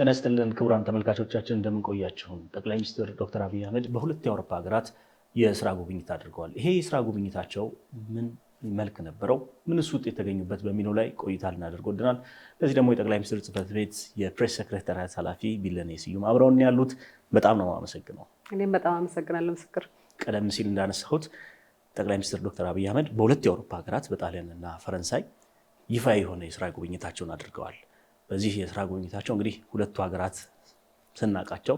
ጤና ይስጥልን ክቡራን ተመልካቾቻችን እንደምንቆያችሁ። ጠቅላይ ሚኒስትር ዶክተር አብይ አህመድ በሁለት የአውሮፓ ሀገራት የስራ ጉብኝት አድርገዋል። ይሄ የስራ ጉብኝታቸው ምን መልክ ነበረው? ምንስ ውጤት የተገኙበት በሚለው ላይ ቆይታ ልናደርግ ወድናል። ለዚህ ደግሞ የጠቅላይ ሚኒስትር ጽህፈት ቤት የፕሬስ ሴክሬታሪያት ኃላፊ ቢለኔ ስዩም አብረውን ያሉት። በጣም ነው አመሰግነው። እኔም በጣም አመሰግናለሁ ምስክር። ቀደም ሲል እንዳነሳሁት ጠቅላይ ሚኒስትር ዶክተር አብይ አህመድ በሁለት የአውሮፓ ሀገራት በጣሊያንና ፈረንሳይ ይፋ የሆነ የስራ ጉብኝታቸውን አድርገዋል። በዚህ የስራ ጉብኝታቸው እንግዲህ ሁለቱ ሀገራት ስናውቃቸው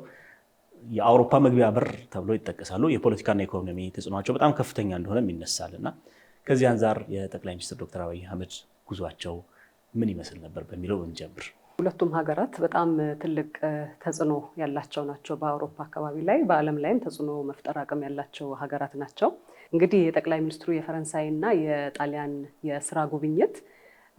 የአውሮፓ መግቢያ በር ተብሎ ይጠቀሳሉ። የፖለቲካና ኢኮኖሚ ተጽዕኖቸው በጣም ከፍተኛ እንደሆነም ይነሳል እና ከዚህ አንጻር የጠቅላይ ሚኒስትር ዶክተር አብይ አህመድ ጉዟቸው ምን ይመስል ነበር በሚለው እንጀምር። ሁለቱም ሀገራት በጣም ትልቅ ተጽዕኖ ያላቸው ናቸው። በአውሮፓ አካባቢ ላይ በዓለም ላይም ተጽዕኖ መፍጠር አቅም ያላቸው ሀገራት ናቸው። እንግዲህ የጠቅላይ ሚኒስትሩ የፈረንሳይ የጣሊያን የስራ ጉብኝት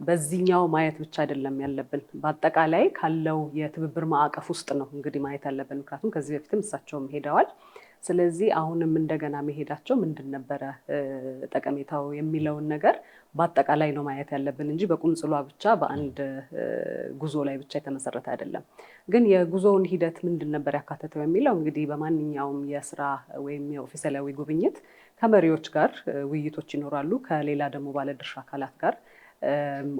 በዚህኛው ማየት ብቻ አይደለም ያለብን፣ በአጠቃላይ ካለው የትብብር ማዕቀፍ ውስጥ ነው እንግዲህ ማየት ያለብን። ምክንያቱም ከዚህ በፊትም እሳቸውም ሄደዋል። ስለዚህ አሁንም እንደገና መሄዳቸው ምንድን ነበረ ጠቀሜታው የሚለውን ነገር በአጠቃላይ ነው ማየት ያለብን እንጂ በቁንጽሏ ብቻ በአንድ ጉዞ ላይ ብቻ የተመሰረተ አይደለም። ግን የጉዞውን ሂደት ምንድን ነበር ያካተተው የሚለው እንግዲህ በማንኛውም የስራ ወይም የኦፊሴላዊ ጉብኝት ከመሪዎች ጋር ውይይቶች ይኖራሉ። ከሌላ ደግሞ ባለድርሻ አካላት ጋር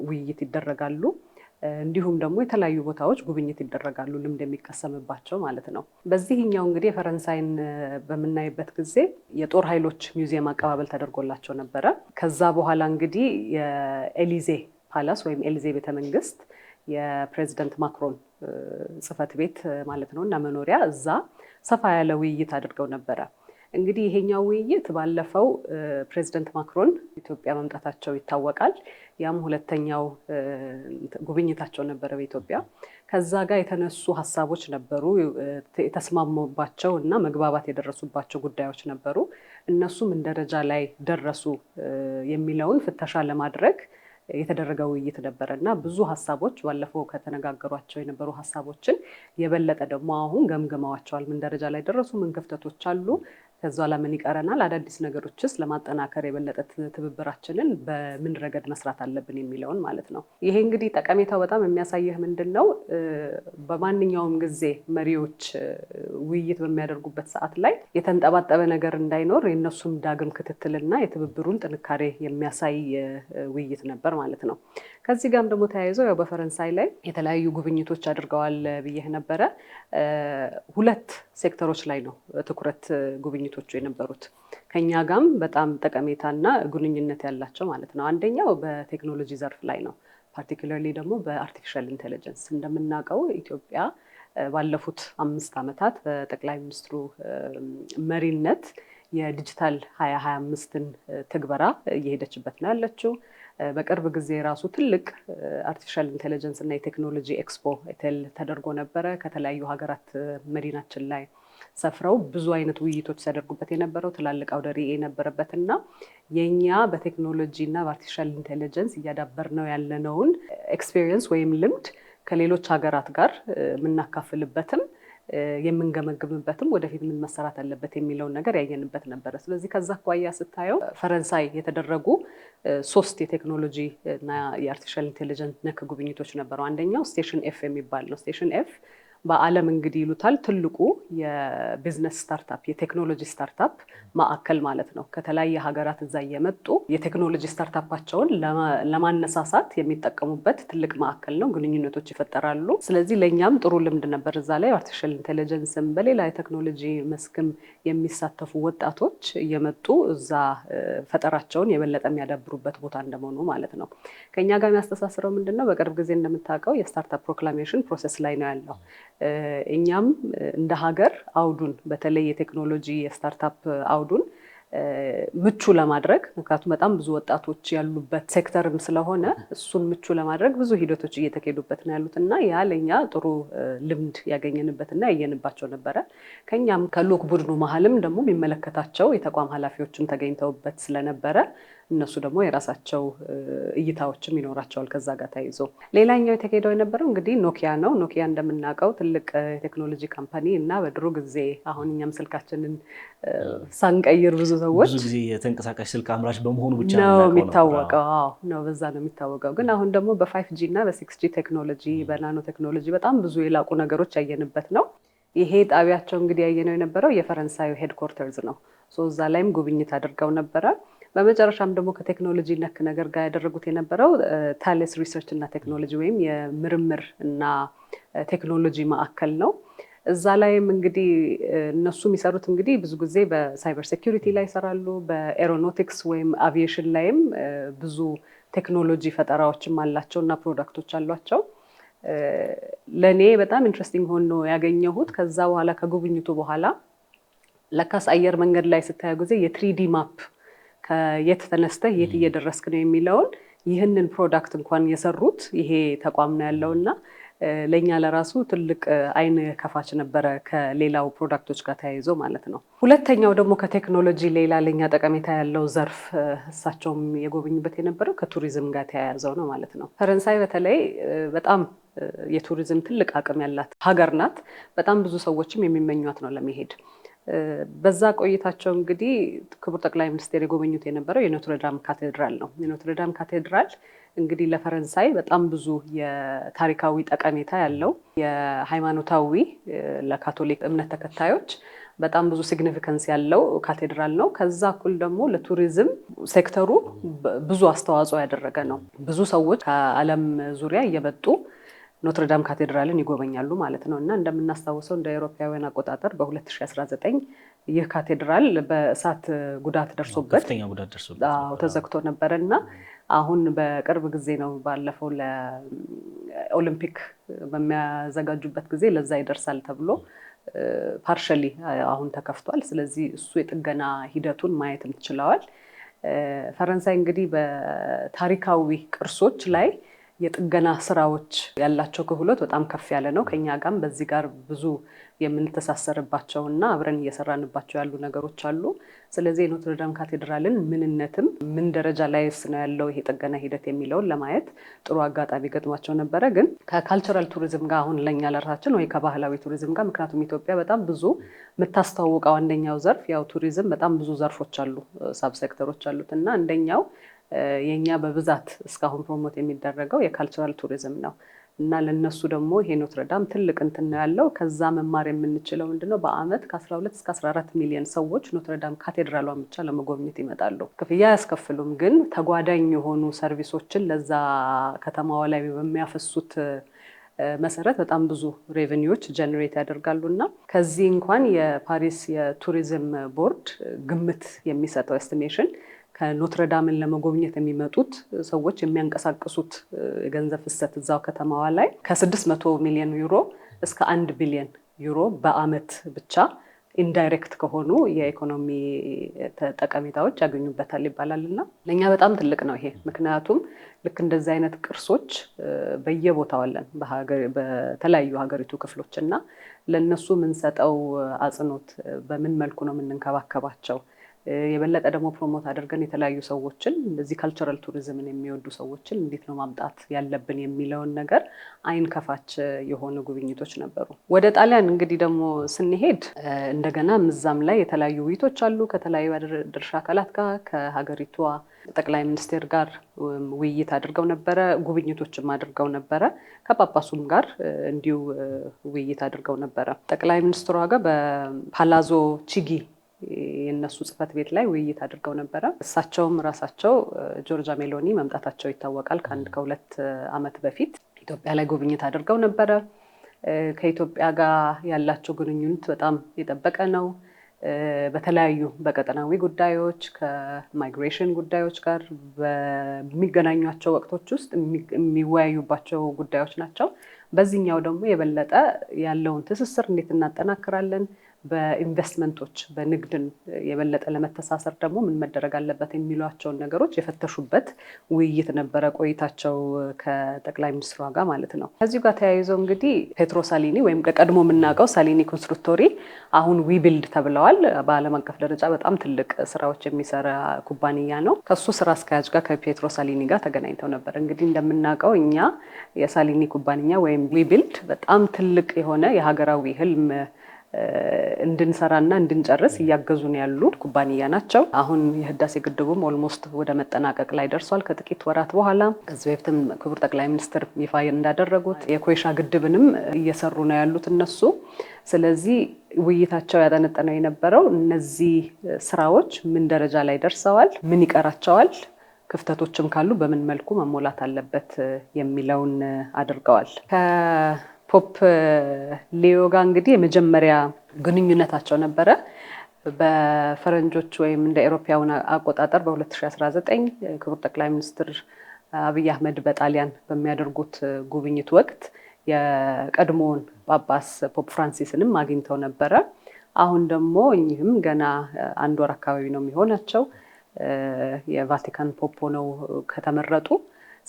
ውይይት ይደረጋሉ። እንዲሁም ደግሞ የተለያዩ ቦታዎች ጉብኝት ይደረጋሉ፣ ልምድ የሚቀሰምባቸው ማለት ነው። በዚህኛው እንግዲህ የፈረንሳይን በምናይበት ጊዜ የጦር ኃይሎች ሚውዚየም አቀባበል ተደርጎላቸው ነበረ። ከዛ በኋላ እንግዲህ የኤሊዜ ፓላስ ወይም ኤሊዜ ቤተመንግስት የፕሬዚደንት ማክሮን ጽህፈት ቤት ማለት ነው እና መኖሪያ እዛ ሰፋ ያለ ውይይት አድርገው ነበረ። እንግዲህ ይሄኛው ውይይት ባለፈው ፕሬዚደንት ማክሮን ኢትዮጵያ መምጣታቸው ይታወቃል። ያም ሁለተኛው ጉብኝታቸው ነበረ በኢትዮጵያ። ከዛ ጋር የተነሱ ሀሳቦች ነበሩ፣ የተስማሙባቸው እና መግባባት የደረሱባቸው ጉዳዮች ነበሩ። እነሱ ምን ደረጃ ላይ ደረሱ የሚለውን ፍተሻ ለማድረግ የተደረገ ውይይት ነበረ እና ብዙ ሀሳቦች ባለፈው ከተነጋገሯቸው የነበሩ ሀሳቦችን የበለጠ ደግሞ አሁን ገምግመዋቸዋል። ምን ደረጃ ላይ ደረሱ፣ ምን ክፍተቶች አሉ፣ ከዛ ለምን ምን ይቀረናል? አዳዲስ ነገሮችስ ለማጠናከር የበለጠ ትብብራችንን በምን ረገድ መስራት አለብን የሚለውን ማለት ነው። ይሄ እንግዲህ ጠቀሜታው በጣም የሚያሳየህ ምንድን ነው፣ በማንኛውም ጊዜ መሪዎች ውይይት በሚያደርጉበት ሰዓት ላይ የተንጠባጠበ ነገር እንዳይኖር የእነሱም ዳግም ክትትልና የትብብሩን ጥንካሬ የሚያሳይ ውይይት ነበር ማለት ነው። ከዚህ ጋርም ደግሞ ተያይዘው ያው በፈረንሳይ ላይ የተለያዩ ጉብኝቶች አድርገዋል ብዬህ ነበረ። ሁለት ሴክተሮች ላይ ነው ትኩረት ጉብኝቶቹ የነበሩት ከኛ ጋም በጣም ጠቀሜታና ግንኙነት ያላቸው ማለት ነው። አንደኛው በቴክኖሎጂ ዘርፍ ላይ ነው። ፓርቲኩላርሊ ደግሞ በአርቲፊሻል ኢንቴሊጀንስ እንደምናውቀው ኢትዮጵያ ባለፉት አምስት ዓመታት በጠቅላይ ሚኒስትሩ መሪነት የዲጂታል ሀያ ሀያ አምስትን ትግበራ እየሄደችበት ነው ያለችው። በቅርብ ጊዜ ራሱ ትልቅ አርቲፊሻል ኢንቴሊጀንስ እና የቴክኖሎጂ ኤክስፖ ቴል ተደርጎ ነበረ። ከተለያዩ ሀገራት መዲናችን ላይ ሰፍረው ብዙ አይነት ውይይቶች ሲያደርጉበት የነበረው ትላልቅ አውደ ርዕይ የነበረበት እና የእኛ በቴክኖሎጂ እና በአርቲፊሻል ኢንቴሊጀንስ እያዳበር ነው ያለነውን ኤክስፔሪየንስ ወይም ልምድ ከሌሎች ሀገራት ጋር የምናካፍልበትም የምንገመግምበትም ወደፊት ምን መሰራት አለበት የሚለውን ነገር ያየንበት ነበረ። ስለዚህ ከዛ አኳያ ስታየው ፈረንሳይ የተደረጉ ሶስት የቴክኖሎጂ እና የአርቲፊሻል ኢንቴሊጀንስ ነክ ጉብኝቶች ነበረው። አንደኛው ስቴሽን ኤፍ የሚባል ነው። ስቴሽን ኤፍ በዓለም እንግዲህ ይሉታል ትልቁ የቢዝነስ ስታርታፕ የቴክኖሎጂ ስታርታፕ ማዕከል ማለት ነው። ከተለያየ ሀገራት እዛ እየመጡ የቴክኖሎጂ ስታርታፓቸውን ለማነሳሳት የሚጠቀሙበት ትልቅ ማዕከል ነው። ግንኙነቶች ይፈጠራሉ። ስለዚህ ለእኛም ጥሩ ልምድ ነበር። እዛ ላይ አርቲፊሻል ኢንቴሊጀንስም በሌላ የቴክኖሎጂ መስክም የሚሳተፉ ወጣቶች እየመጡ እዛ ፈጠራቸውን የበለጠ የሚያዳብሩበት ቦታ እንደመሆኑ ማለት ነው። ከእኛ ጋር የሚያስተሳስረው ምንድን ነው? በቅርብ ጊዜ እንደምታውቀው የስታርታፕ ፕሮክላሜሽን ፕሮሰስ ላይ ነው ያለው እኛም እንደ ሀገር አውዱን በተለይ የቴክኖሎጂ የስታርታፕ አውዱን ምቹ ለማድረግ ምክንያቱም በጣም ብዙ ወጣቶች ያሉበት ሴክተርም ስለሆነ እሱን ምቹ ለማድረግ ብዙ ሂደቶች እየተካሄዱበት ነው ያሉት እና ያ ለእኛ ጥሩ ልምድ ያገኘንበትና ያየንባቸው ነበረ። ከኛም ከሎክ ቡድኑ መሀልም ደግሞ የሚመለከታቸው የተቋም ኃላፊዎችም ተገኝተውበት ስለነበረ እነሱ ደግሞ የራሳቸው እይታዎችም ይኖራቸዋል ከዛ ጋር ተይዞ ሌላኛው የተካሄደው የነበረው እንግዲህ ኖኪያ ነው። ኖኪያ እንደምናውቀው ትልቅ የቴክኖሎጂ ካምፓኒ እና በድሮ ጊዜ አሁን እኛም ስልካችንን ሳንቀይር ብዙ ሰዎች ብዙ ጊዜ የተንቀሳቃሽ ስልክ አምራች በመሆኑ ብቻ ነው የሚታወቀው ነው በዛ ነው የሚታወቀው። ግን አሁን ደግሞ በፋይፍ ጂ እና በሲክስ ጂ ቴክኖሎጂ በናኖ ቴክኖሎጂ በጣም ብዙ የላቁ ነገሮች ያየንበት ነው። ይሄ ጣቢያቸው እንግዲህ ያየነው የነበረው የፈረንሳዩ ሄድኮርተርዝ ነው። እዛ ላይም ጉብኝት አድርገው ነበረ። በመጨረሻም ደግሞ ከቴክኖሎጂ ነክ ነገር ጋር ያደረጉት የነበረው ታሌስ ሪሰርች እና ቴክኖሎጂ ወይም የምርምር እና ቴክኖሎጂ ማዕከል ነው። እዛ ላይም እንግዲህ እነሱ የሚሰሩት እንግዲህ ብዙ ጊዜ በሳይበር ሴኪሪቲ ላይ ይሰራሉ። በኤሮኖቲክስ ወይም አቪዬሽን ላይም ብዙ ቴክኖሎጂ ፈጠራዎችም አላቸው እና ፕሮዳክቶች አሏቸው። ለእኔ በጣም ኢንትረስቲንግ ሆኖ ያገኘሁት ከዛ በኋላ ከጉብኝቱ በኋላ ለካስ አየር መንገድ ላይ ስታየው ጊዜ የትሪዲ ማፕ ከየት ተነስተህ የት እየደረስክ ነው የሚለውን ይህንን ፕሮዳክት እንኳን የሰሩት ይሄ ተቋም ነው ያለው እና ለእኛ ለራሱ ትልቅ አይን ከፋች ነበረ፣ ከሌላው ፕሮዳክቶች ጋር ተያይዞ ማለት ነው። ሁለተኛው ደግሞ ከቴክኖሎጂ ሌላ ለእኛ ጠቀሜታ ያለው ዘርፍ እሳቸውም የጎበኙበት የነበረው ከቱሪዝም ጋር ተያያዘው ነው ማለት ነው። ፈረንሳይ በተለይ በጣም የቱሪዝም ትልቅ አቅም ያላት ሀገር ናት። በጣም ብዙ ሰዎችም የሚመኟት ነው ለመሄድ በዛ ቆይታቸው እንግዲህ ክቡር ጠቅላይ ሚኒስትር የጎበኙት የነበረው የኖትረዳም ካቴድራል ነው። የኖትረዳም ካቴድራል እንግዲህ ለፈረንሳይ በጣም ብዙ የታሪካዊ ጠቀሜታ ያለው የሃይማኖታዊ ለካቶሊክ እምነት ተከታዮች በጣም ብዙ ሲግኒፊካንስ ያለው ካቴድራል ነው። ከዛ እኩል ደግሞ ለቱሪዝም ሴክተሩ ብዙ አስተዋጽኦ ያደረገ ነው። ብዙ ሰዎች ከዓለም ዙሪያ እየመጡ ኖትርዳም ካቴድራልን ይጎበኛሉ ማለት ነው እና እንደምናስታውሰው እንደ አውሮፓውያን አቆጣጠር በ2019 ይህ ካቴድራል በእሳት ጉዳት ደርሶበት ተዘግቶ ነበረ እና አሁን በቅርብ ጊዜ ነው ባለፈው ለኦሊምፒክ በሚያዘጋጁበት ጊዜ ለዛ ይደርሳል ተብሎ ፓርሸሊ አሁን ተከፍቷል። ስለዚህ እሱ የጥገና ሂደቱን ማየትም ትችለዋል። ፈረንሳይ እንግዲህ በታሪካዊ ቅርሶች ላይ የጥገና ስራዎች ያላቸው ክህሎት በጣም ከፍ ያለ ነው። ከኛ ጋርም በዚህ ጋር ብዙ የምንተሳሰርባቸው እና አብረን እየሰራንባቸው ያሉ ነገሮች አሉ። ስለዚህ የኖትርዳም ካቴድራልን ምንነትም ምን ደረጃ ላይስ ነው ያለው ይሄ ጥገና ሂደት የሚለውን ለማየት ጥሩ አጋጣሚ ገጥሟቸው ነበረ። ግን ከካልቸራል ቱሪዝም ጋር አሁን ለእኛ ለራሳችን ወይ ከባህላዊ ቱሪዝም ጋር ምክንያቱም ኢትዮጵያ በጣም ብዙ የምታስተዋውቀው አንደኛው ዘርፍ ያው ቱሪዝም በጣም ብዙ ዘርፎች አሉ፣ ሳብሴክተሮች አሉት እና አንደኛው የእኛ በብዛት እስካሁን ፕሮሞት የሚደረገው የካልቸራል ቱሪዝም ነው እና ለነሱ ደግሞ ይሄ ኖትረዳም ትልቅ እንትን ነው ያለው። ከዛ መማር የምንችለው ምንድነው? በአመት ከ12 እስከ 14 ሚሊዮን ሰዎች ኖትረዳም ካቴድራሏን ብቻ ለመጎብኘት ይመጣሉ። ክፍያ አያስከፍሉም፣ ግን ተጓዳኝ የሆኑ ሰርቪሶችን ለዛ ከተማዋ ላይ በሚያፈሱት መሰረት በጣም ብዙ ሬቨኒዎች ጀኔሬት ያደርጋሉ እና ከዚህ እንኳን የፓሪስ የቱሪዝም ቦርድ ግምት የሚሰጠው ኤስቲሜሽን ከኖትረዳምን ለመጎብኘት የሚመጡት ሰዎች የሚያንቀሳቅሱት የገንዘብ ፍሰት እዛው ከተማዋ ላይ ከ600 ሚሊዮን ዩሮ እስከ 1 ቢሊዮን ዩሮ በአመት ብቻ ኢንዳይሬክት ከሆኑ የኢኮኖሚ ጠቀሜታዎች ያገኙበታል ይባላል እና ለእኛ በጣም ትልቅ ነው ይሄ። ምክንያቱም ልክ እንደዚህ አይነት ቅርሶች በየቦታው አለን በተለያዩ ሀገሪቱ ክፍሎች እና ለእነሱ የምንሰጠው አጽንኦት፣ በምን መልኩ ነው የምንንከባከባቸው የበለጠ ደግሞ ፕሮሞት አድርገን የተለያዩ ሰዎችን እንደዚህ ካልቸራል ቱሪዝምን የሚወዱ ሰዎችን እንዴት ነው ማምጣት ያለብን የሚለውን ነገር አይን ከፋች የሆኑ ጉብኝቶች ነበሩ። ወደ ጣሊያን እንግዲህ ደግሞ ስንሄድ እንደገና ምዛም ላይ የተለያዩ ውይይቶች አሉ ከተለያዩ ድርሻ አካላት ጋር ከሀገሪቷ ጠቅላይ ሚኒስቴር ጋር ውይይት አድርገው ነበረ። ጉብኝቶችም አድርገው ነበረ። ከጳጳሱም ጋር እንዲሁ ውይይት አድርገው ነበረ። ጠቅላይ ሚኒስትሯ ጋር በፓላዞ ቺጊ የእነሱ ጽህፈት ቤት ላይ ውይይት አድርገው ነበረ። እሳቸውም ራሳቸው ጆርጃ ሜሎኒ መምጣታቸው ይታወቃል። ከአንድ ከሁለት ዓመት በፊት ኢትዮጵያ ላይ ጉብኝት አድርገው ነበረ። ከኢትዮጵያ ጋር ያላቸው ግንኙነት በጣም የጠበቀ ነው። በተለያዩ በቀጠናዊ ጉዳዮች ከማይግሬሽን ጉዳዮች ጋር በሚገናኟቸው ወቅቶች ውስጥ የሚወያዩባቸው ጉዳዮች ናቸው። በዚህኛው ደግሞ የበለጠ ያለውን ትስስር እንዴት እናጠናክራለን በኢንቨስትመንቶች በንግድን የበለጠ ለመተሳሰር ደግሞ ምን መደረግ አለበት የሚሏቸውን ነገሮች የፈተሹበት ውይይት ነበረ ቆይታቸው ከጠቅላይ ሚኒስትሯ ጋር ማለት ነው። ከዚሁ ጋር ተያይዘው እንግዲህ ፔትሮ ሳሊኒ ወይም ቀድሞ የምናውቀው ሳሊኒ ኮንስትሩክቶሪ አሁን ዊቢልድ ተብለዋል። በዓለም አቀፍ ደረጃ በጣም ትልቅ ስራዎች የሚሰራ ኩባንያ ነው። ከሱ ስራ አስኪያጅ ጋር ከፔትሮ ሳሊኒ ጋር ተገናኝተው ነበር። እንግዲህ እንደምናውቀው እኛ የሳሊኒ ኩባንያ ወይም ዊቢልድ በጣም ትልቅ የሆነ የሀገራዊ ህልም እንድንሰራና እንድንጨርስ እያገዙን ያሉ ኩባንያ ናቸው። አሁን የህዳሴ ግድቡም ኦልሞስት ወደ መጠናቀቅ ላይ ደርሷል። ከጥቂት ወራት በኋላ ከዚህ በፊትም ክቡር ጠቅላይ ሚኒስትር ይፋ እንዳደረጉት የኮይሻ ግድብንም እየሰሩ ነው ያሉት እነሱ። ስለዚህ ውይይታቸው ያጠነጠነው የነበረው እነዚህ ስራዎች ምን ደረጃ ላይ ደርሰዋል፣ ምን ይቀራቸዋል ክፍተቶችም ካሉ በምን መልኩ መሞላት አለበት የሚለውን አድርገዋል። ፖፕ ሌዮ ጋር እንግዲህ የመጀመሪያ ግንኙነታቸው ነበረ በፈረንጆች ወይም እንደ ኤሮፓውያን አቆጣጠር በ2019 ክቡር ጠቅላይ ሚኒስትር አብይ አህመድ በጣሊያን በሚያደርጉት ጉብኝት ወቅት የቀድሞውን ጳጳስ ፖፕ ፍራንሲስንም አግኝተው ነበረ። አሁን ደግሞ እኚህም ገና አንድ ወር አካባቢ ነው የሚሆናቸው የቫቲካን ፖፕ ሆነው ከተመረጡ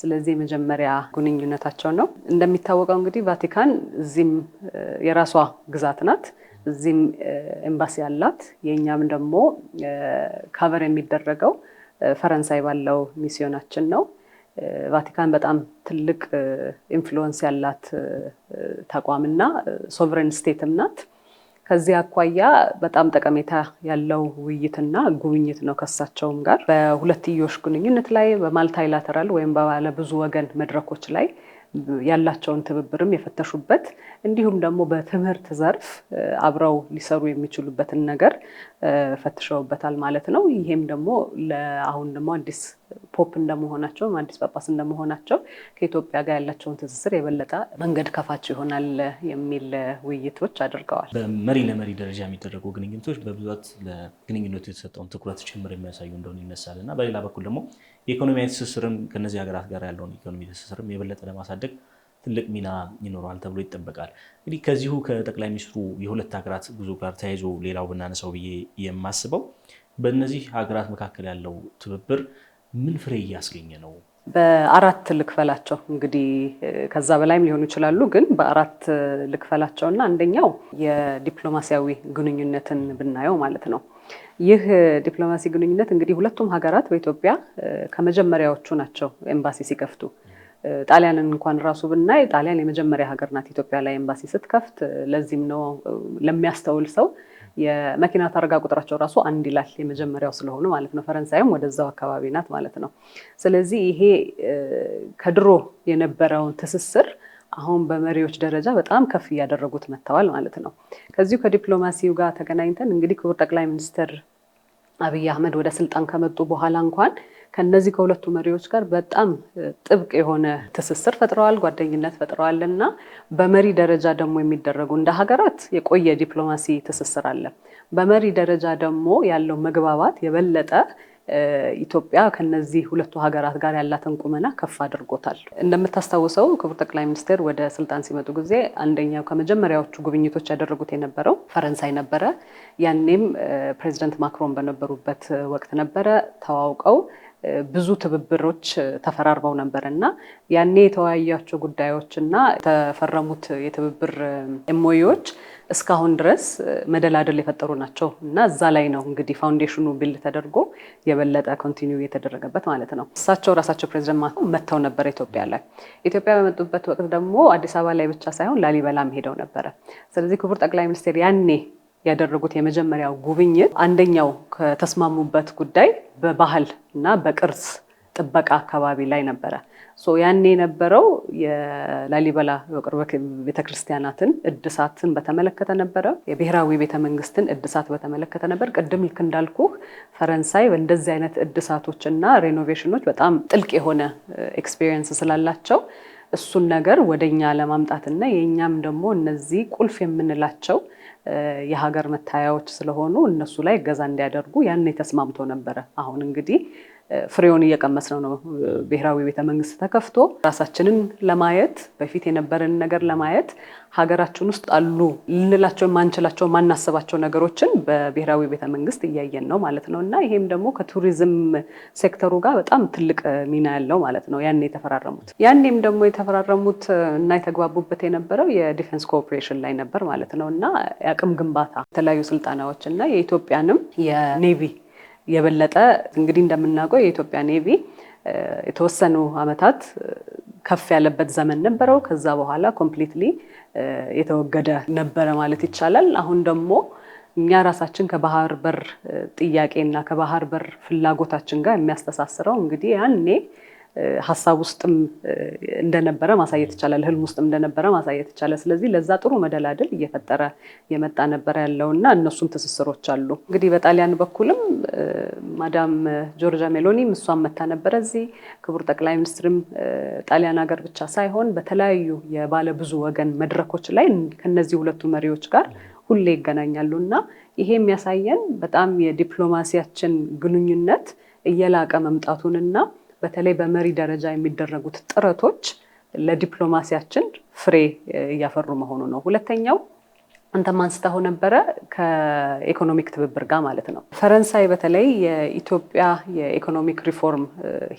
ስለዚህ የመጀመሪያ ግንኙነታቸው ነው። እንደሚታወቀው እንግዲህ ቫቲካን እዚህም የራሷ ግዛት ናት። እዚህም ኤምባሲ አላት። የእኛም ደግሞ ካቨር የሚደረገው ፈረንሳይ ባለው ሚስዮናችን ነው። ቫቲካን በጣም ትልቅ ኢንፍሉወንስ ያላት ተቋምና ሶቨሬን ስቴትም ናት። ከዚህ አኳያ በጣም ጠቀሜታ ያለው ውይይትና ጉብኝት ነው ከሳቸውም ጋር በሁለትዮሽ ግንኙነት ላይ በማልታይላተራል ወይም በባለ ብዙ ወገን መድረኮች ላይ ያላቸውን ትብብርም የፈተሹበት እንዲሁም ደግሞ በትምህርት ዘርፍ አብረው ሊሰሩ የሚችሉበትን ነገር ፈትሸውበታል ማለት ነው። ይሄም ደግሞ ለአሁን ደግሞ አዲስ ፖፕ እንደመሆናቸው አዲስ ጳጳስ እንደመሆናቸው ከኢትዮጵያ ጋር ያላቸውን ትስስር የበለጠ መንገድ ከፋች ይሆናል የሚል ውይይቶች አድርገዋል። በመሪ ለመሪ ደረጃ የሚደረጉ ግንኙነቶች በብዛት ለግንኙነቱ የተሰጠውን ትኩረት ጭምር የሚያሳዩ እንደሆነ ይነሳል እና በሌላ በኩል ደግሞ የኢኮኖሚያዊ ትስስርም ከነዚህ ሀገራት ጋር ያለውን ኢኮኖሚ ትስስርም የበለጠ ለማሳደግ ትልቅ ሚና ይኖረዋል ተብሎ ይጠበቃል። እንግዲህ ከዚሁ ከጠቅላይ ሚኒስትሩ የሁለት ሀገራት ጉዞ ጋር ተያይዞ ሌላው ብናነሳው ብዬ የማስበው በእነዚህ ሀገራት መካከል ያለው ትብብር ምን ፍሬ እያስገኘ ነው? በአራት ልክፈላቸው እንግዲህ ከዛ በላይም ሊሆኑ ይችላሉ፣ ግን በአራት ልክፈላቸው እና አንደኛው የዲፕሎማሲያዊ ግንኙነትን ብናየው ማለት ነው ይህ ዲፕሎማሲ ግንኙነት እንግዲህ ሁለቱም ሀገራት በኢትዮጵያ ከመጀመሪያዎቹ ናቸው ኤምባሲ ሲከፍቱ። ጣሊያንን እንኳን ራሱ ብናይ ጣሊያን የመጀመሪያ ሀገር ናት ኢትዮጵያ ላይ ኤምባሲ ስትከፍት። ለዚህም ነው ለሚያስተውል ሰው የመኪና ታርጋ ቁጥራቸው ራሱ አንድ ይላል የመጀመሪያው ስለሆኑ ማለት ነው። ፈረንሳይም ወደዛው አካባቢ ናት ማለት ነው። ስለዚህ ይሄ ከድሮ የነበረውን ትስስር አሁን በመሪዎች ደረጃ በጣም ከፍ እያደረጉት መጥተዋል ማለት ነው። ከዚሁ ከዲፕሎማሲው ጋር ተገናኝተን እንግዲህ ክቡር ጠቅላይ ሚኒስትር አብይ አህመድ ወደ ስልጣን ከመጡ በኋላ እንኳን ከነዚህ ከሁለቱ መሪዎች ጋር በጣም ጥብቅ የሆነ ትስስር ፈጥረዋል፣ ጓደኝነት ፈጥረዋል እና በመሪ ደረጃ ደግሞ የሚደረጉ እንደ ሀገራት የቆየ ዲፕሎማሲ ትስስር አለ። በመሪ ደረጃ ደግሞ ያለው መግባባት የበለጠ ኢትዮጵያ ከነዚህ ሁለቱ ሀገራት ጋር ያላትን ቁመና ከፍ አድርጎታል። እንደምታስታውሰው ክቡር ጠቅላይ ሚኒስትር ወደ ስልጣን ሲመጡ ጊዜ አንደኛው ከመጀመሪያዎቹ ጉብኝቶች ያደረጉት የነበረው ፈረንሳይ ነበረ። ያኔም ፕሬዚደንት ማክሮን በነበሩበት ወቅት ነበረ ተዋውቀው ብዙ ትብብሮች ተፈራርበው ነበር እና ያኔ የተወያያቸው ጉዳዮች እና የተፈረሙት የትብብር ኤምኦዩዎች እስካሁን ድረስ መደላደል የፈጠሩ ናቸው እና እዛ ላይ ነው እንግዲህ ፋውንዴሽኑ ቢል ተደርጎ የበለጠ ኮንቲኒው የተደረገበት ማለት ነው። እሳቸው ራሳቸው ፕሬዚደንት ማ መጥተው ነበረ ኢትዮጵያ ላይ። ኢትዮጵያ በመጡበት ወቅት ደግሞ አዲስ አበባ ላይ ብቻ ሳይሆን ላሊበላም ሄደው ነበረ። ስለዚህ ክቡር ጠቅላይ ሚኒስትር ያኔ ያደረጉት የመጀመሪያው ጉብኝት አንደኛው ከተስማሙበት ጉዳይ በባህል እና በቅርስ ጥበቃ አካባቢ ላይ ነበረ። ያኔ የነበረው የላሊበላ ውቅር ቤተክርስቲያናትን እድሳትን በተመለከተ ነበረ። የብሔራዊ ቤተመንግስትን እድሳት በተመለከተ ነበር። ቅድም ልክ እንዳልኩ ፈረንሳይ በእንደዚህ አይነት እድሳቶች እና ሬኖቬሽኖች በጣም ጥልቅ የሆነ ኤክስፔሪየንስ ስላላቸው እሱን ነገር ወደኛ ለማምጣትና የእኛም ደግሞ እነዚህ ቁልፍ የምንላቸው የሀገር መታያዎች ስለሆኑ እነሱ ላይ እገዛ እንዲያደርጉ ያኔ ተስማምቶ ነበረ። አሁን እንግዲህ ፍሬውን እየቀመስነው ነው። ብሔራዊ ቤተ መንግስት ተከፍቶ ራሳችንን ለማየት በፊት የነበረን ነገር ለማየት ሀገራችን ውስጥ አሉ ልንላቸው ማንችላቸው ማናሰባቸው ነገሮችን በብሔራዊ ቤተ መንግስት እያየን ነው ማለት ነው እና ይሄም ደግሞ ከቱሪዝም ሴክተሩ ጋር በጣም ትልቅ ሚና ያለው ማለት ነው። ያኔ የተፈራረሙት ያኔም ደግሞ የተፈራረሙት እና የተግባቡበት የነበረው የዲፌንስ ኮኦፕሬሽን ላይ ነበር ማለት ነው እና የአቅም ግንባታ የተለያዩ ስልጠናዎች እና የኢትዮጵያንም የኔቪ የበለጠ እንግዲህ እንደምናውቀው የኢትዮጵያ ኔቪ የተወሰኑ ዓመታት ከፍ ያለበት ዘመን ነበረው። ከዛ በኋላ ኮምፕሊትሊ የተወገደ ነበረ ማለት ይቻላል። አሁን ደግሞ እኛ ራሳችን ከባህር በር እና ከባህር በር ፍላጎታችን ጋር የሚያስተሳስረው እንግዲህ ያኔ ሀሳብ ውስጥም እንደነበረ ማሳየት ይቻላል። ህልም ውስጥም እንደነበረ ማሳየት ይቻላል። ስለዚህ ለዛ ጥሩ መደላደል እየፈጠረ የመጣ ነበር ያለው እና እነሱም ትስስሮች አሉ። እንግዲህ በጣሊያን በኩልም ማዳም ጆርጃ ሜሎኒም እሷም መታ ነበረ እዚህ። ክቡር ጠቅላይ ሚኒስትርም ጣሊያን ሀገር ብቻ ሳይሆን በተለያዩ የባለ ብዙ ወገን መድረኮች ላይ ከነዚህ ሁለቱ መሪዎች ጋር ሁሌ ይገናኛሉ እና ይሄ የሚያሳየን በጣም የዲፕሎማሲያችን ግንኙነት እየላቀ መምጣቱንና በተለይ በመሪ ደረጃ የሚደረጉት ጥረቶች ለዲፕሎማሲያችን ፍሬ እያፈሩ መሆኑ ነው። ሁለተኛው አንተም አንስተኸው ነበረ ከኢኮኖሚክ ትብብር ጋር ማለት ነው። ፈረንሳይ በተለይ የኢትዮጵያ የኢኮኖሚክ ሪፎርም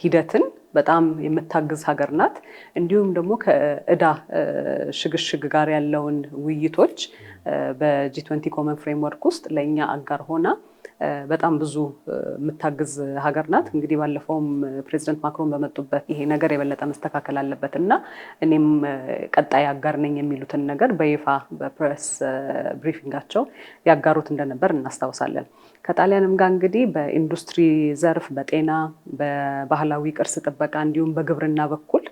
ሂደትን በጣም የምታግዝ ሀገር ናት። እንዲሁም ደግሞ ከእዳ ሽግሽግ ጋር ያለውን ውይይቶች በጂ20 ኮመን ፍሬምወርክ ውስጥ ለእኛ አጋር ሆና በጣም ብዙ የምታግዝ ሀገር ናት። እንግዲህ ባለፈውም ፕሬዚደንት ማክሮን በመጡበት ይሄ ነገር የበለጠ መስተካከል አለበት እና እኔም ቀጣይ አጋር ነኝ የሚሉትን ነገር በይፋ በፕሬስ ብሪፊንጋቸው ያጋሩት እንደነበር እናስታውሳለን። ከጣሊያንም ጋር እንግዲህ በኢንዱስትሪ ዘርፍ፣ በጤና፣ በባህላዊ ቅርስ ጥበቃ እንዲሁም በግብርና በኩል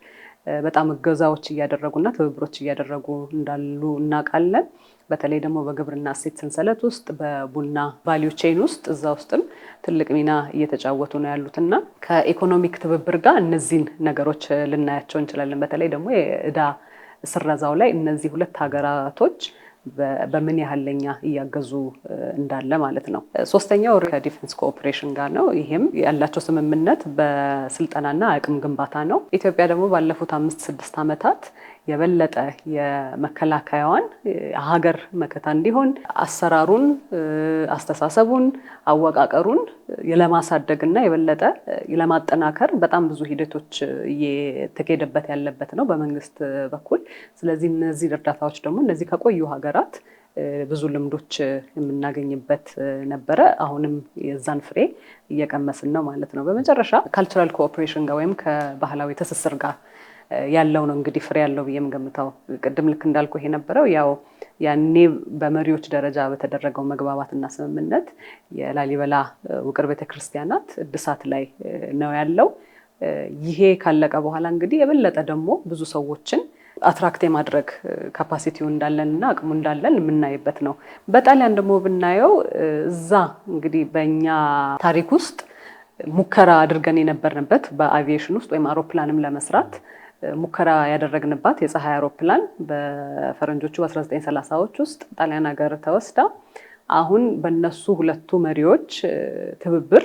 በጣም እገዛዎች እያደረጉና ትብብሮች እያደረጉ እንዳሉ እናውቃለን። በተለይ ደግሞ በግብርና እሴት ሰንሰለት ውስጥ በቡና ቫሊዩ ቼን ውስጥ እዛ ውስጥም ትልቅ ሚና እየተጫወቱ ነው ያሉትና ከኢኮኖሚክ ትብብር ጋር እነዚህን ነገሮች ልናያቸው እንችላለን። በተለይ ደግሞ የእዳ ስረዛው ላይ እነዚህ ሁለት ሀገራቶች በምን ያህል ለኛ እያገዙ እንዳለ ማለት ነው። ሶስተኛው ከዲፌንስ ኮኦፕሬሽን ጋር ነው። ይህም ያላቸው ስምምነት በስልጠናና አቅም ግንባታ ነው። ኢትዮጵያ ደግሞ ባለፉት አምስት ስድስት ዓመታት የበለጠ የመከላከያዋን ሀገር መከታ እንዲሆን አሰራሩን፣ አስተሳሰቡን፣ አወቃቀሩን ለማሳደግ እና የበለጠ ለማጠናከር በጣም ብዙ ሂደቶች እየተካሄደበት ያለበት ነው በመንግስት በኩል። ስለዚህ እነዚህ እርዳታዎች ደግሞ እነዚህ ከቆዩ ሀገራት ብዙ ልምዶች የምናገኝበት ነበረ። አሁንም የዛን ፍሬ እየቀመስን ነው ማለት ነው። በመጨረሻ ካልቸራል ኮኦፕሬሽን ጋር ወይም ከባህላዊ ትስስር ጋር ያለው ነው እንግዲህ ፍሬ ያለው ብዬ የምገምተው። ቅድም ልክ እንዳልኩ ይሄ ነበረው ያው ያኔ በመሪዎች ደረጃ በተደረገው መግባባትና ስምምነት የላሊበላ ውቅር ቤተክርስቲያናት እድሳት ላይ ነው ያለው። ይሄ ካለቀ በኋላ እንግዲህ የበለጠ ደግሞ ብዙ ሰዎችን አትራክት የማድረግ ካፓሲቲው እንዳለን እና አቅሙ እንዳለን የምናይበት ነው። በጣሊያን ደግሞ ብናየው እዛ እንግዲህ በእኛ ታሪክ ውስጥ ሙከራ አድርገን የነበርንበት በአቪዬሽን ውስጥ ወይም አውሮፕላንም ለመስራት ሙከራ ያደረግንባት የፀሐይ አውሮፕላን በፈረንጆቹ በ1930ዎች ውስጥ ጣሊያን ሀገር ተወስዳ አሁን በነሱ ሁለቱ መሪዎች ትብብር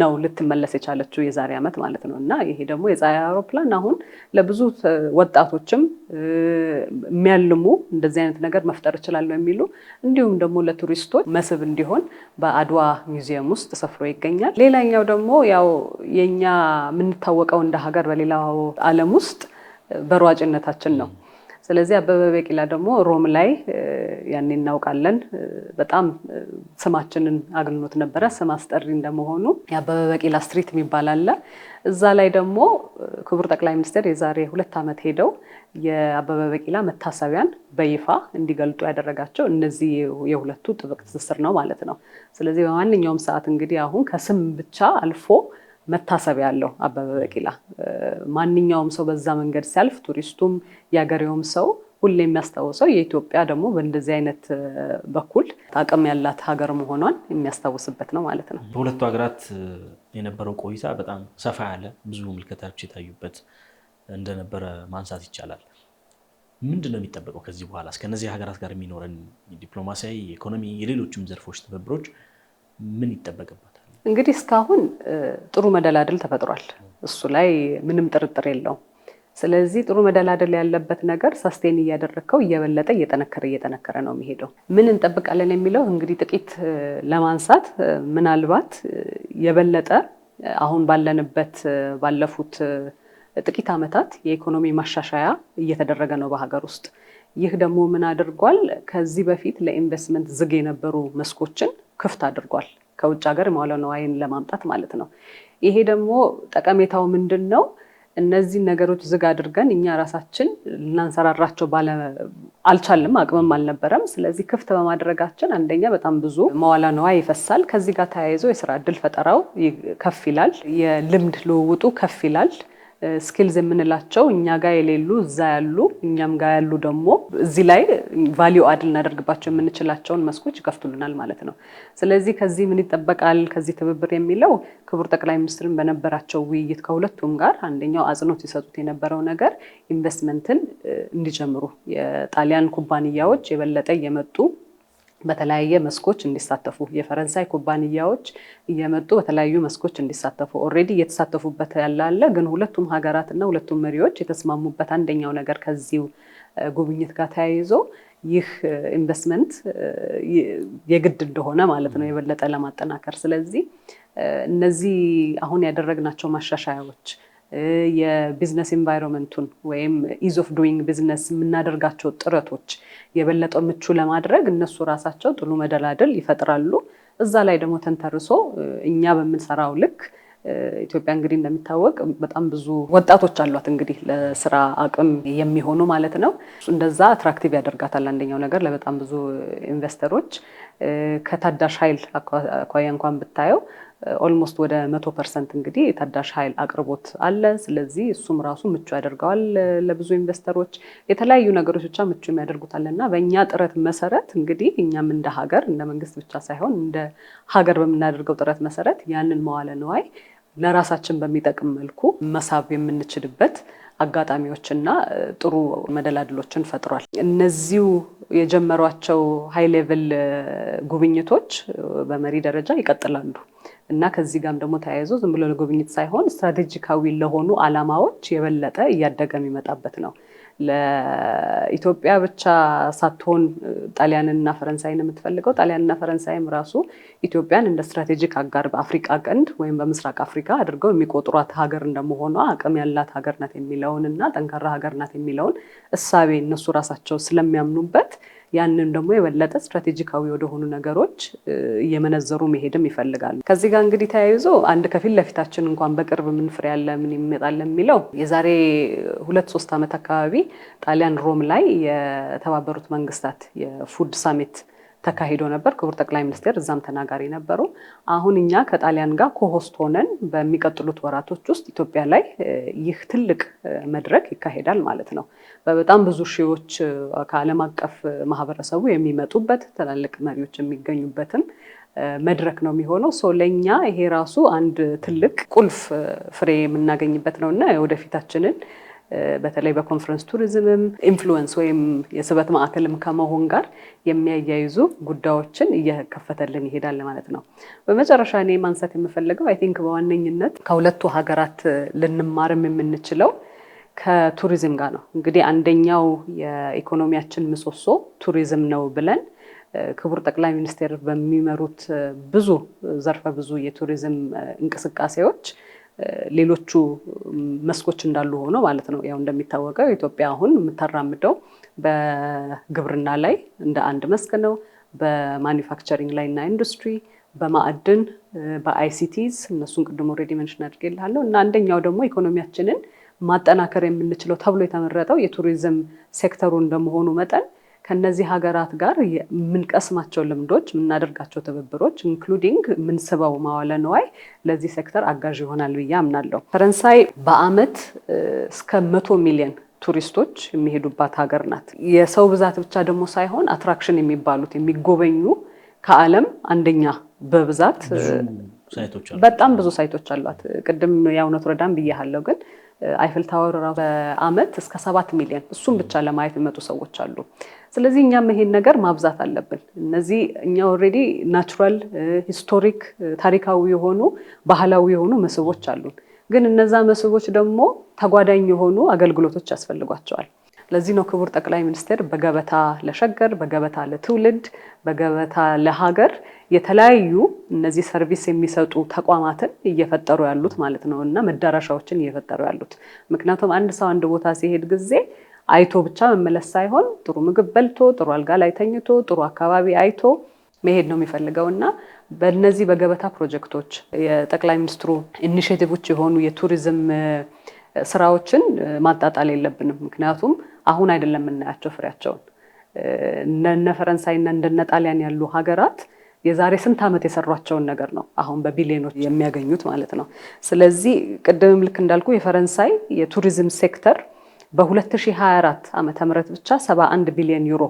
ነው ልትመለስ የቻለችው የዛሬ ዓመት ማለት ነው። እና ይሄ ደግሞ የፀሐይ አውሮፕላን አሁን ለብዙ ወጣቶችም የሚያልሙ እንደዚህ አይነት ነገር መፍጠር እችላለሁ የሚሉ እንዲሁም ደግሞ ለቱሪስቶች መስህብ እንዲሆን በአድዋ ሚውዚየም ውስጥ ሰፍሮ ይገኛል። ሌላኛው ደግሞ ያው የኛ የምንታወቀው እንደ ሀገር በሌላው ዓለም ውስጥ በሯጭነታችን ነው። ስለዚህ አበበ ቢቂላ ደግሞ ሮም ላይ ያኔ እናውቃለን በጣም ስማችንን አግልሎት ነበረ። ስም አስጠሪ እንደመሆኑ የአበበ ቢቂላ ስትሪት የሚባል አለ። እዛ ላይ ደግሞ ክቡር ጠቅላይ ሚኒስትር የዛሬ ሁለት ዓመት ሄደው የአበበ ቢቂላ መታሰቢያን በይፋ እንዲገልጡ ያደረጋቸው እነዚህ የሁለቱ ጥብቅ ትስስር ነው ማለት ነው። ስለዚህ በማንኛውም ሰዓት እንግዲህ አሁን ከስም ብቻ አልፎ መታሰቢያ ያለው አበበ ቢቂላ ማንኛውም ሰው በዛ መንገድ ሲያልፍ ቱሪስቱም የአገሬውም ሰው ሁሌ የሚያስታውሰው የኢትዮጵያ ደግሞ በእንደዚህ አይነት በኩል አቅም ያላት ሀገር መሆኗን የሚያስታውስበት ነው ማለት ነው። በሁለቱ ሀገራት የነበረው ቆይታ በጣም ሰፋ ያለ ብዙ ምልከታዎች የታዩበት እንደነበረ ማንሳት ይቻላል። ምንድን ነው የሚጠበቀው ከዚህ በኋላ እስከነዚህ ሀገራት ጋር የሚኖረን ዲፕሎማሲያዊ፣ ኢኮኖሚ፣ የሌሎችም ዘርፎች ትብብሮች ምን ይጠበቅበት? እንግዲህ እስካሁን ጥሩ መደላደል ተፈጥሯል። እሱ ላይ ምንም ጥርጥር የለው። ስለዚህ ጥሩ መደላደል ያለበት ነገር ሰስቴን እያደረግከው እየበለጠ እየጠነከረ እየጠነከረ ነው የሚሄደው። ምን እንጠብቃለን የሚለው እንግዲህ ጥቂት ለማንሳት ምናልባት የበለጠ አሁን ባለንበት ባለፉት ጥቂት ዓመታት የኢኮኖሚ ማሻሻያ እየተደረገ ነው በሀገር ውስጥ። ይህ ደግሞ ምን አድርጓል? ከዚህ በፊት ለኢንቨስትመንት ዝግ የነበሩ መስኮችን ክፍት አድርጓል። ከውጭ ሀገር መዋለ ንዋይን ለማምጣት ማለት ነው። ይሄ ደግሞ ጠቀሜታው ምንድን ነው? እነዚህን ነገሮች ዝግ አድርገን እኛ ራሳችን ልናንሰራራቸው አልቻልም፣ አቅምም አልነበረም። ስለዚህ ክፍት በማድረጋችን አንደኛ በጣም ብዙ መዋለ ነዋይ ይፈሳል። ከዚህ ጋር ተያይዞ የስራ እድል ፈጠራው ከፍ ይላል፣ የልምድ ልውውጡ ከፍ ይላል። ስኪልዝ የምንላቸው እኛ ጋር የሌሉ እዛ ያሉ እኛም ጋር ያሉ ደግሞ እዚህ ላይ ቫሊዩ አድ ልናደርግባቸው የምንችላቸውን መስኮች ይከፍቱልናል ማለት ነው። ስለዚህ ከዚህ ምን ይጠበቃል ከዚህ ትብብር የሚለው ክቡር ጠቅላይ ሚኒስትርን በነበራቸው ውይይት ከሁለቱም ጋር አንደኛው አጽንኦት ሲሰጡት የነበረው ነገር ኢንቨስትመንትን እንዲጀምሩ የጣሊያን ኩባንያዎች የበለጠ እየመጡ በተለያየ መስኮች እንዲሳተፉ የፈረንሳይ ኩባንያዎች እየመጡ በተለያዩ መስኮች እንዲሳተፉ ኦልሬዲ እየተሳተፉበት ያላለ ግን ሁለቱም ሀገራትና ሁለቱም መሪዎች የተስማሙበት አንደኛው ነገር ከዚሁ ጉብኝት ጋር ተያይዞ ይህ ኢንቨስትመንት የግድ እንደሆነ ማለት ነው የበለጠ ለማጠናከር። ስለዚህ እነዚህ አሁን ያደረግናቸው ማሻሻያዎች የቢዝነስ ኤንቫይሮንመንቱን ወይም ኢዝ ኦፍ ዱይንግ ቢዝነስ የምናደርጋቸው ጥረቶች የበለጠ ምቹ ለማድረግ እነሱ ራሳቸው ጥሉ መደላደል ይፈጥራሉ። እዛ ላይ ደግሞ ተንተርሶ እኛ በምንሰራው ልክ ኢትዮጵያ እንግዲህ እንደሚታወቅ በጣም ብዙ ወጣቶች አሏት፣ እንግዲህ ለስራ አቅም የሚሆኑ ማለት ነው። እንደዛ አትራክቲቭ ያደርጋታል። አንደኛው ነገር ለበጣም ብዙ ኢንቨስተሮች ከታዳሽ ኃይል አኳያ እንኳን ብታየው ኦልሞስት ወደ መቶ ፐርሰንት እንግዲህ የታዳሽ ኃይል አቅርቦት አለ። ስለዚህ እሱም ራሱ ምቹ ያደርገዋል ለብዙ ኢንቨስተሮች የተለያዩ ነገሮች ብቻ ምቹ የሚያደርጉታል እና በእኛ ጥረት መሰረት እንግዲህ እኛም እንደ ሀገር እንደ መንግስት ብቻ ሳይሆን እንደ ሀገር በምናደርገው ጥረት መሰረት ያንን መዋለ ንዋይ ለራሳችን በሚጠቅም መልኩ መሳብ የምንችልበት አጋጣሚዎችና ጥሩ መደላድሎችን ፈጥሯል። እነዚሁ የጀመሯቸው ሀይ ሌቭል ጉብኝቶች በመሪ ደረጃ ይቀጥላሉ እና ከዚህ ጋርም ደግሞ ተያይዞ ዝም ብሎ ለጉብኝት ሳይሆን ስትራቴጂካዊ ለሆኑ አላማዎች የበለጠ እያደገ የሚመጣበት ነው። ለኢትዮጵያ ብቻ ሳትሆን ጣሊያንና ፈረንሳይን የምትፈልገው ጣሊያንና ፈረንሳይም ራሱ ኢትዮጵያን እንደ ስትራቴጂክ አጋር በአፍሪቃ ቀንድ ወይም በምስራቅ አፍሪካ አድርገው የሚቆጥሯት ሀገር እንደመሆኗ አቅም ያላት ሀገር ናት የሚለውን እና ጠንካራ ሀገር ናት የሚለውን እሳቤ እነሱ ራሳቸው ስለሚያምኑበት ያንን ደግሞ የበለጠ ስትራቴጂካዊ ወደሆኑ ነገሮች እየመነዘሩ መሄድም ይፈልጋሉ። ከዚህ ጋር እንግዲህ ተያይዞ አንድ ከፊት ለፊታችን እንኳን በቅርብ ምን ፍሬ ያለ ምን ይመጣል የሚለው የዛሬ ሁለት ሶስት ዓመት አካባቢ ጣሊያን ሮም ላይ የተባበሩት መንግስታት የፉድ ሳሚት ተካሂዶ ነበር። ክቡር ጠቅላይ ሚኒስቴር እዛም ተናጋሪ ነበሩ። አሁን እኛ ከጣሊያን ጋር ኮሆስት ሆነን በሚቀጥሉት ወራቶች ውስጥ ኢትዮጵያ ላይ ይህ ትልቅ መድረክ ይካሄዳል ማለት ነው። በጣም ብዙ ሺዎች ከዓለም አቀፍ ማህበረሰቡ የሚመጡበት ትላልቅ መሪዎች የሚገኙበትን መድረክ ነው የሚሆነው። ሰው ለእኛ ይሄ ራሱ አንድ ትልቅ ቁልፍ ፍሬ የምናገኝበት ነው እና ወደፊታችንን በተለይ በኮንፈረንስ ቱሪዝምም ኢንፍሉዌንስ ወይም የስበት ማዕከልም ከመሆን ጋር የሚያያይዙ ጉዳዮችን እየከፈተልን ይሄዳል ማለት ነው። በመጨረሻ እኔ ማንሳት የምፈልገው አይ ቲንክ በዋነኝነት ከሁለቱ ሀገራት ልንማርም የምንችለው ከቱሪዝም ጋር ነው። እንግዲህ አንደኛው የኢኮኖሚያችን ምሰሶ ቱሪዝም ነው ብለን ክቡር ጠቅላይ ሚኒስቴር በሚመሩት ብዙ ዘርፈ ብዙ የቱሪዝም እንቅስቃሴዎች ሌሎቹ መስኮች እንዳሉ ሆኖ ማለት ነው። ያው እንደሚታወቀው ኢትዮጵያ አሁን የምታራምደው በግብርና ላይ እንደ አንድ መስክ ነው። በማኒፋክቸሪንግ ላይ እና ኢንዱስትሪ፣ በማዕድን፣ በአይሲቲዝ እነሱን ቅድሞ ሬዲ መንሽን አድርጌልሃለሁ እና አንደኛው ደግሞ ኢኮኖሚያችንን ማጠናከር የምንችለው ተብሎ የተመረጠው የቱሪዝም ሴክተሩ እንደመሆኑ መጠን ከነዚህ ሀገራት ጋር የምንቀስማቸው ልምዶች፣ የምናደርጋቸው ትብብሮች ኢንክሉዲንግ የምንስበው ማዋለ ንዋይ ለዚህ ሴክተር አጋዥ ይሆናል ብዬ አምናለሁ። ፈረንሳይ በአመት እስከ መቶ ሚሊዮን ቱሪስቶች የሚሄዱባት ሀገር ናት። የሰው ብዛት ብቻ ደግሞ ሳይሆን አትራክሽን የሚባሉት የሚጎበኙ ከዓለም አንደኛ በብዛት በጣም ብዙ ሳይቶች አሏት። ቅድም ያው ነትረዳም ብያለሁ ግን አይፍል ታወር በአመት እስከ ሰባት ሚሊዮን እሱም ብቻ ለማየት የሚመጡ ሰዎች አሉ። ስለዚህ እኛም ይሄን ነገር ማብዛት አለብን። እነዚህ እኛ ኦልሬዲ ናቹራል፣ ሂስቶሪክ፣ ታሪካዊ የሆኑ ባህላዊ የሆኑ መስህቦች አሉን። ግን እነዛ መስህቦች ደግሞ ተጓዳኝ የሆኑ አገልግሎቶች ያስፈልጓቸዋል። ለዚህ ነው ክቡር ጠቅላይ ሚኒስትር በገበታ ለሸገር፣ በገበታ ለትውልድ፣ በገበታ ለሀገር የተለያዩ እነዚህ ሰርቪስ የሚሰጡ ተቋማትን እየፈጠሩ ያሉት ማለት ነው እና መዳረሻዎችን እየፈጠሩ ያሉት ምክንያቱም አንድ ሰው አንድ ቦታ ሲሄድ ጊዜ አይቶ ብቻ መመለስ ሳይሆን ጥሩ ምግብ በልቶ ጥሩ አልጋ ላይ ተኝቶ ጥሩ አካባቢ አይቶ መሄድ ነው የሚፈልገው እና በእነዚህ በገበታ ፕሮጀክቶች የጠቅላይ ሚኒስትሩ ኢኒሽቲቮች የሆኑ የቱሪዝም ስራዎችን ማጣጣል የለብንም። ምክንያቱም አሁን አይደለም የምናያቸው ፍሬያቸውን። እነ ፈረንሳይና እንደነ ጣሊያን ያሉ ሀገራት የዛሬ ስንት ዓመት የሰሯቸውን ነገር ነው አሁን በቢሊዮኖች የሚያገኙት ማለት ነው። ስለዚህ ቅድምም ልክ እንዳልኩ የፈረንሳይ የቱሪዝም ሴክተር በ2024 ዓመተ ምህረት ብቻ 71 ቢሊዮን ዩሮ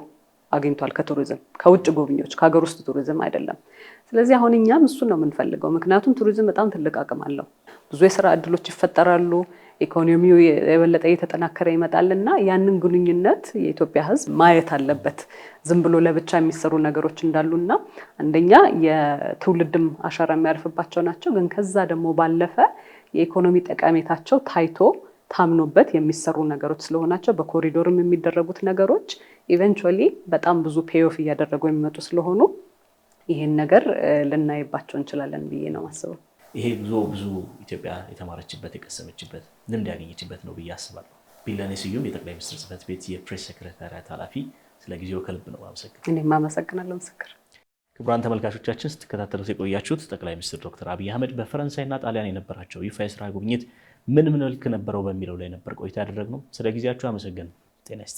አግኝቷል ከቱሪዝም ከውጭ ጎብኚዎች ከሀገር ውስጥ ቱሪዝም አይደለም። ስለዚህ አሁን እኛም እሱን ነው የምንፈልገው። ምክንያቱም ቱሪዝም በጣም ትልቅ አቅም አለው። ብዙ የስራ እድሎች ይፈጠራሉ። ኢኮኖሚው የበለጠ እየተጠናከረ ይመጣል እና ያንን ግንኙነት የኢትዮጵያ ሕዝብ ማየት አለበት። ዝም ብሎ ለብቻ የሚሰሩ ነገሮች እንዳሉና አንደኛ የትውልድም አሻራ የሚያርፍባቸው ናቸው። ግን ከዛ ደግሞ ባለፈ የኢኮኖሚ ጠቀሜታቸው ታይቶ ታምኖበት የሚሰሩ ነገሮች ስለሆናቸው በኮሪዶርም የሚደረጉት ነገሮች ኢቨንቹዋሊ በጣም ብዙ ፔዮፍ እያደረጉ የሚመጡ ስለሆኑ ይህን ነገር ልናይባቸው እንችላለን ብዬ ነው ማስበው። ይሄ ብዙ ብዙ ኢትዮጵያ የተማረችበት የቀሰመችበት ልምድ ያገኘችበት ነው ብዬ አስባለሁ። ቢለኔ ስዩም የጠቅላይ ሚኒስትር ጽፈት ቤት የፕሬስ ሴክሬታሪያት ኃላፊ፣ ስለ ጊዜው ከልብ ነው ማመሰግን። ምስክር። ክቡራን ተመልካቾቻችን ስትከታተሉት የቆያችሁት ጠቅላይ ሚኒስትር ዶክተር አብይ አህመድ በፈረንሳይና ጣሊያን የነበራቸው ይፋ የስራ ጉብኝት ምን ምን መልክ ነበረው በሚለው ላይ ነበር ቆይታ ያደረግነው። ስለ ጊዜያችሁ አመሰግን። ጤና